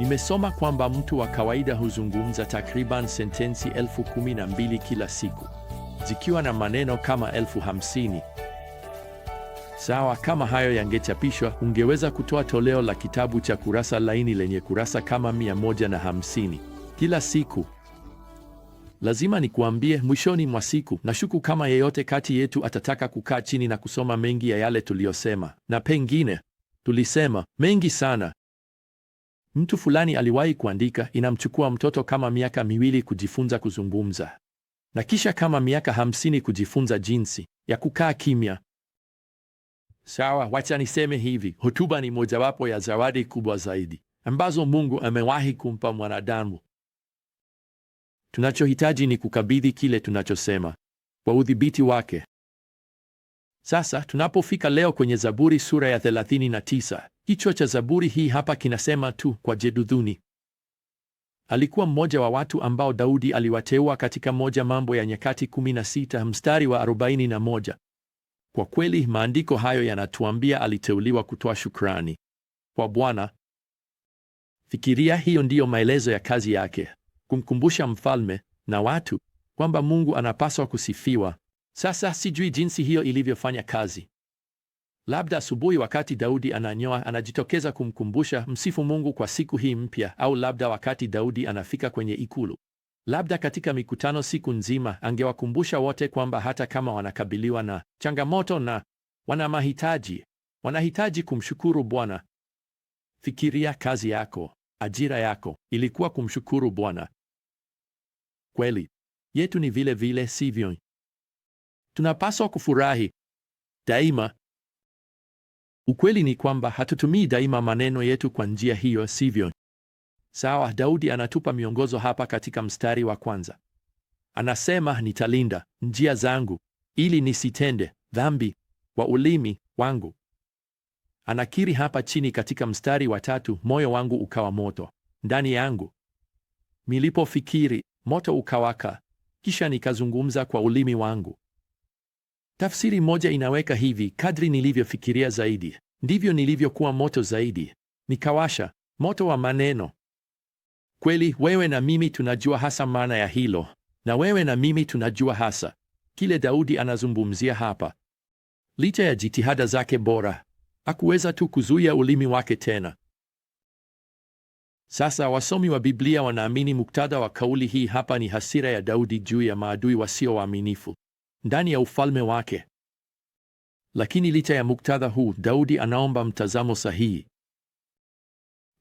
Nimesoma kwamba mtu wa kawaida huzungumza takriban sentensi elfu kumi na mbili kila siku zikiwa na maneno kama elfu hamsini. Sawa, kama hayo yangechapishwa, ungeweza kutoa toleo la kitabu cha kurasa laini lenye kurasa kama mia na hamsini kila siku. Lazima nikuambie, mwishoni mwa siku nashuku kama yeyote kati yetu atataka kukaa chini na kusoma mengi ya yale tuliyosema, na pengine tulisema mengi sana. Mtu fulani aliwahi kuandika, inamchukua mtoto kama miaka miwili kujifunza kuzungumza na kisha kama miaka hamsini kujifunza jinsi ya kukaa kimya. Sawa, wacha niseme hivi, hotuba ni mojawapo ya zawadi kubwa zaidi ambazo Mungu amewahi kumpa mwanadamu. Tunachohitaji ni kukabidhi kile tunachosema kwa udhibiti wake. Sasa tunapofika leo kwenye Zaburi sura ya 39 Kichwa cha Zaburi hii hapa kinasema tu kwa Jeduthuni. Alikuwa mmoja wa watu ambao Daudi aliwateua katika moja Mambo ya Nyakati 16 mstari wa 41. Kwa kweli maandiko hayo yanatuambia aliteuliwa kutoa shukrani kwa Bwana. Fikiria, hiyo ndiyo maelezo ya kazi yake, kumkumbusha mfalme na watu kwamba Mungu anapaswa kusifiwa. Sasa sijui jinsi hiyo ilivyofanya kazi Labda asubuhi wakati Daudi ananyoa, anajitokeza kumkumbusha msifu Mungu kwa siku hii mpya, au labda wakati Daudi anafika kwenye ikulu. Labda katika mikutano siku nzima angewakumbusha wote kwamba hata kama wanakabiliwa na changamoto na wana mahitaji, wanahitaji kumshukuru Bwana. Fikiria kazi yako, ajira yako ilikuwa kumshukuru Bwana. Kweli yetu ni vile vile, sivyo? Tunapaswa kufurahi daima. Ukweli ni kwamba hatutumii daima maneno yetu kwa njia hiyo, sivyo? Sawa, Daudi anatupa miongozo hapa katika mstari wa kwanza. Anasema, nitalinda njia zangu ili nisitende dhambi kwa ulimi wangu. Anakiri hapa chini katika mstari wa tatu, moyo wangu ukawa moto ndani yangu, nilipofikiri moto ukawaka, kisha nikazungumza kwa ulimi wangu. Tafsiri moja inaweka hivi, kadri nilivyofikiria zaidi, Ndivyo nilivyokuwa moto zaidi, nikawasha moto wa maneno. Kweli wewe na mimi tunajua hasa maana ya hilo, na wewe na mimi tunajua hasa kile Daudi anazungumzia hapa. Licha ya jitihada zake bora, hakuweza tu kuzuia ulimi wake tena. Sasa wasomi wa Biblia wanaamini muktadha wa kauli hii hapa ni hasira ya Daudi juu ya maadui wasio waaminifu ndani ya ufalme wake. Lakini licha ya muktadha huu, Daudi anaomba mtazamo sahihi.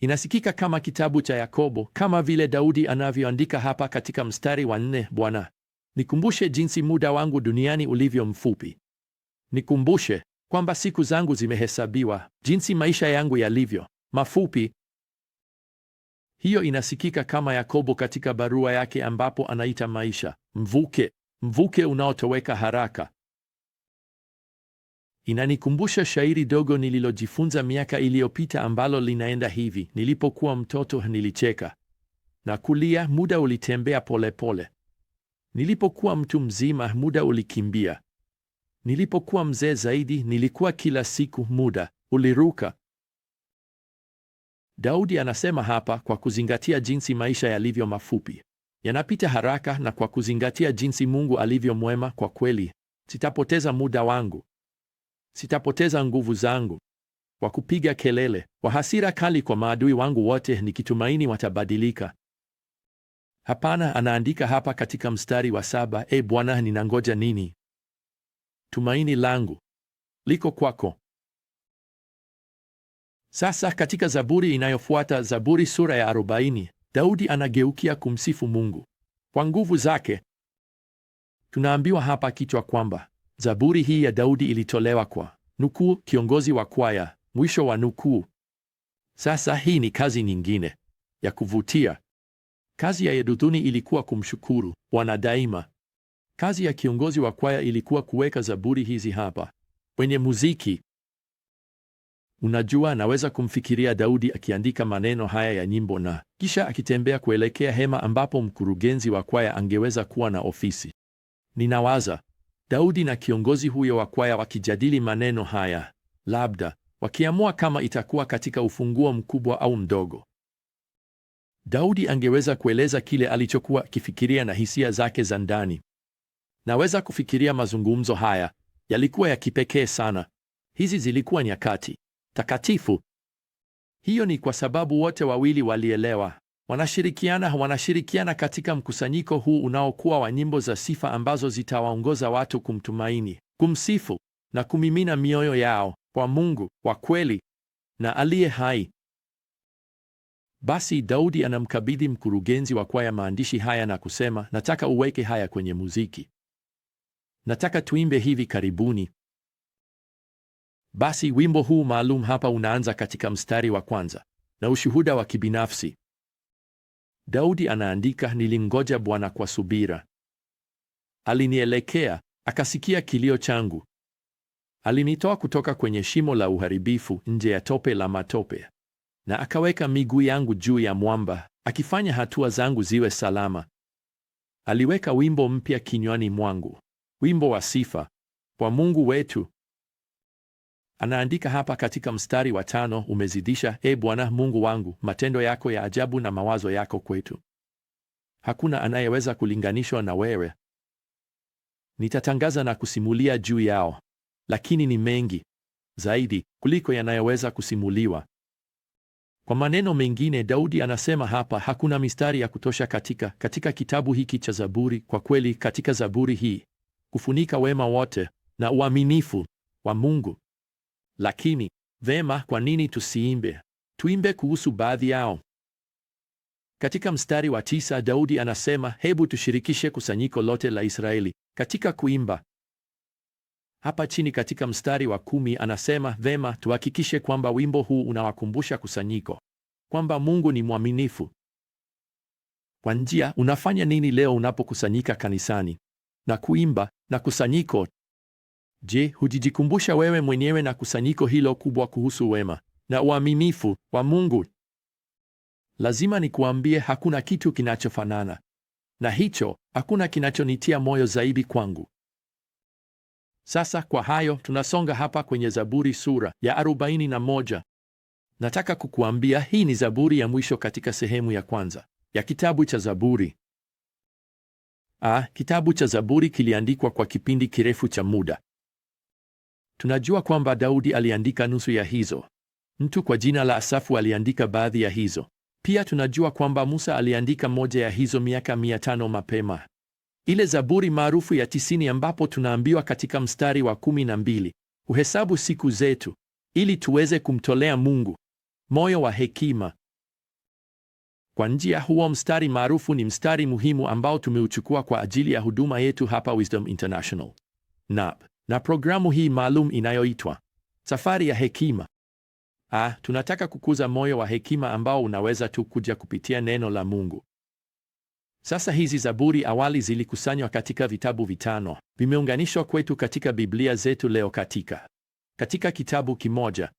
Inasikika kama kitabu cha Yakobo, kama vile Daudi anavyoandika hapa katika mstari wa nne: Bwana, nikumbushe jinsi muda wangu duniani ulivyo mfupi, nikumbushe kwamba siku zangu zimehesabiwa, jinsi maisha yangu yalivyo mafupi. Hiyo inasikika kama Yakobo katika barua yake, ambapo anaita maisha mvuke, mvuke unaotoweka haraka. Inanikumbusha shairi dogo nililojifunza miaka iliyopita ambalo linaenda hivi: nilipokuwa mtoto nilicheka na kulia, muda ulitembea polepole pole. Nilipokuwa mtu mzima, muda ulikimbia. Nilipokuwa mzee zaidi, nilikuwa kila siku, muda uliruka. Daudi anasema hapa, kwa kuzingatia jinsi maisha yalivyo mafupi, yanapita haraka, na kwa kuzingatia jinsi Mungu alivyo mwema, kwa kweli sitapoteza muda wangu sitapoteza nguvu zangu kwa kupiga kelele kwa hasira kali kwa maadui wangu wote, nikitumaini watabadilika. Hapana, anaandika hapa katika mstari wa saba, E Bwana, ninangoja nini? Tumaini langu liko kwako. Sasa katika zaburi inayofuata, Zaburi sura ya 40, Daudi anageukia kumsifu Mungu kwa nguvu zake. Tunaambiwa hapa kichwa kwamba Zaburi hii ya Daudi ilitolewa kwa nukuu, kiongozi wa kwaya, mwisho wa nukuu. Sasa hii ni kazi nyingine ya kuvutia. Kazi ya Yeduthuni ilikuwa kumshukuru Bwana daima. Kazi ya kiongozi wa kwaya ilikuwa kuweka zaburi hizi hapa kwenye muziki. Unajua, naweza kumfikiria Daudi akiandika maneno haya ya nyimbo na kisha akitembea kuelekea hema ambapo mkurugenzi wa kwaya angeweza kuwa na ofisi. Ninawaza Daudi na kiongozi huyo wa kwaya wakijadili maneno haya, labda wakiamua kama itakuwa katika ufunguo mkubwa au mdogo. Daudi angeweza kueleza kile alichokuwa akifikiria na hisia zake za ndani. Naweza kufikiria mazungumzo haya yalikuwa ya kipekee sana. Hizi zilikuwa nyakati takatifu. Hiyo ni kwa sababu wote wawili walielewa Wanashirikiana wanashirikiana katika mkusanyiko huu unaokuwa wa nyimbo za sifa ambazo zitawaongoza watu kumtumaini, kumsifu na kumimina mioyo yao kwa Mungu wa kweli na aliye hai. Basi Daudi anamkabidhi mkurugenzi wa kwaya maandishi haya na kusema, nataka uweke haya kwenye muziki, nataka tuimbe hivi karibuni. Basi wimbo huu maalum hapa unaanza katika mstari wa kwanza na ushuhuda wa kibinafsi. Daudi anaandika, nilingoja Bwana kwa subira, alinielekea, akasikia kilio changu, alinitoa kutoka kwenye shimo la uharibifu, nje ya tope la matope, na akaweka miguu yangu juu ya mwamba, akifanya hatua zangu ziwe salama. Aliweka wimbo mpya kinywani mwangu, wimbo wa sifa kwa Mungu wetu. Anaandika hapa katika mstari wa tano, umezidisha e Bwana Mungu wangu matendo yako ya ajabu na mawazo yako kwetu. Hakuna anayeweza kulinganishwa na wewe. Nitatangaza na kusimulia juu yao, lakini ni mengi zaidi kuliko yanayoweza kusimuliwa. Kwa maneno mengine, Daudi anasema hapa, hakuna mistari ya kutosha katika katika kitabu hiki cha Zaburi. Kwa kweli, katika Zaburi hii kufunika wema wote na uaminifu wa Mungu. Lakini vema, kwa nini tusiimbe? Tuimbe kuhusu baadhi yao. Katika mstari wa tisa Daudi anasema, hebu tushirikishe kusanyiko lote la Israeli katika kuimba. Hapa chini katika mstari wa kumi anasema, vema, tuhakikishe kwamba wimbo huu unawakumbusha kusanyiko kwamba Mungu ni mwaminifu. Kwa njia, unafanya nini leo unapokusanyika kanisani na kuimba na kusanyiko? Je, hujijikumbusha wewe mwenyewe na kusanyiko hilo kubwa kuhusu wema na uaminifu wa Mungu? Lazima nikuambie, hakuna kitu kinachofanana na hicho. Hakuna kinachonitia moyo zaidi kwangu. Sasa kwa hayo, tunasonga hapa kwenye Zaburi sura ya 41. Nataka kukuambia hii ni zaburi ya mwisho katika sehemu ya kwanza ya kitabu cha Zaburi. Ah, kitabu cha Zaburi kiliandikwa kwa kipindi kirefu cha muda Tunajua kwamba Daudi aliandika nusu ya hizo. Mtu kwa jina la Asafu aliandika baadhi ya hizo. Pia tunajua kwamba Musa aliandika moja ya hizo miaka mia tano mapema. Ile Zaburi maarufu ya tisini ambapo tunaambiwa katika mstari wa kumi na mbili, uhesabu siku zetu ili tuweze kumtolea Mungu moyo wa hekima. Kwa njia, huo mstari maarufu ni mstari muhimu ambao tumeuchukua kwa ajili ya huduma yetu hapa Wisdom International. Nab na programu hii maalum inayoitwa Safari ya Hekima. Ah, tunataka kukuza moyo wa hekima ambao unaweza tu kuja kupitia neno la Mungu. Sasa hizi Zaburi awali zilikusanywa katika vitabu vitano, vimeunganishwa kwetu katika Biblia zetu leo katika katika kitabu kimoja.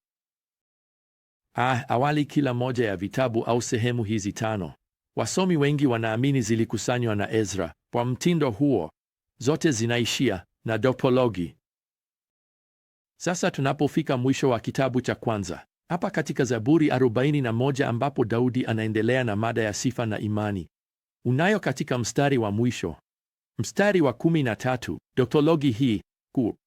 Ah, awali kila moja ya vitabu au sehemu hizi tano, wasomi wengi wanaamini zilikusanywa na Ezra. Kwa mtindo huo, zote zinaishia na dopologi. Sasa tunapofika mwisho wa kitabu cha kwanza hapa katika Zaburi 41 ambapo Daudi anaendelea na mada ya sifa na imani unayo katika mstari wa mwisho, mstari wa 13, doktologi hii ku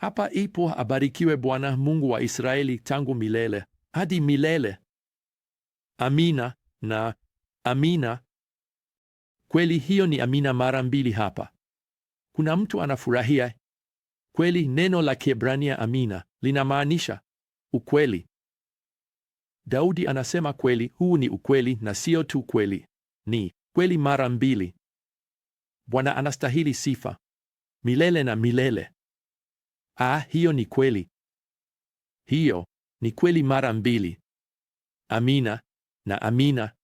hapa ipo: abarikiwe Bwana Mungu wa Israeli tangu milele hadi milele. Amina na amina. Kweli hiyo ni amina mara mbili hapa kuna mtu anafurahia kweli. Neno la Kiebrania amina linamaanisha ukweli. Daudi anasema kweli, huu ni ukweli, na sio tu kweli, ni kweli mara mbili. Bwana anastahili sifa milele na milele. Ah, hiyo ni kweli, hiyo ni kweli mara mbili. Amina na amina.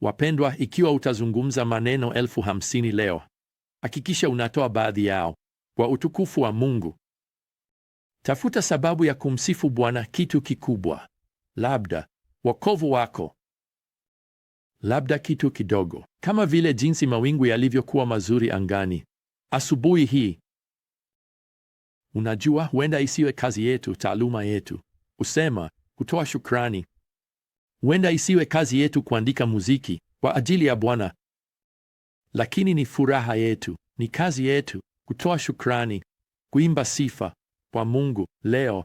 Wapendwa, ikiwa utazungumza maneno elfu hamsini leo hakikisha unatoa baadhi yao kwa utukufu wa Mungu. Tafuta sababu ya kumsifu Bwana, kitu kikubwa, labda wokovu wako, labda kitu kidogo kama vile jinsi mawingu yalivyokuwa mazuri angani asubuhi hii. Unajua, huenda isiwe kazi yetu, taaluma yetu usema kutoa shukrani. Huenda isiwe kazi yetu kuandika muziki kwa ajili ya Bwana, lakini ni furaha yetu, ni kazi yetu kutoa shukrani, kuimba sifa kwa Mungu leo.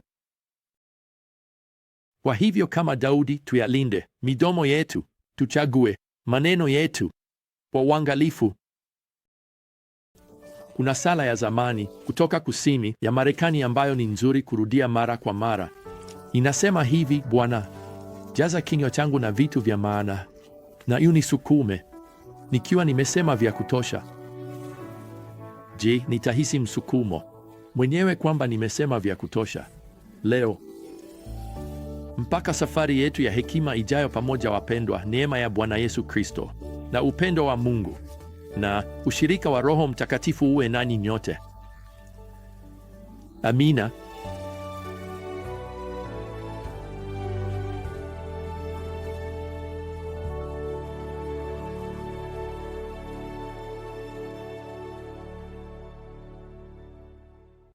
Kwa hivyo, kama Daudi, tuyalinde midomo yetu, tuchague maneno yetu kwa uangalifu. Kuna sala ya zamani kutoka kusini ya Marekani ambayo ni nzuri kurudia mara kwa mara. Inasema hivi: Bwana, jaza kinywa changu na vitu vya maana, na sukume nikiwa nimesema vya kutosha? Je, nitahisi msukumo mwenyewe kwamba nimesema vya kutosha leo? Mpaka safari yetu ya hekima ijayo pamoja, wapendwa, neema ya Bwana Yesu Kristo na upendo wa Mungu na ushirika wa Roho Mtakatifu uwe nani nyote. Amina.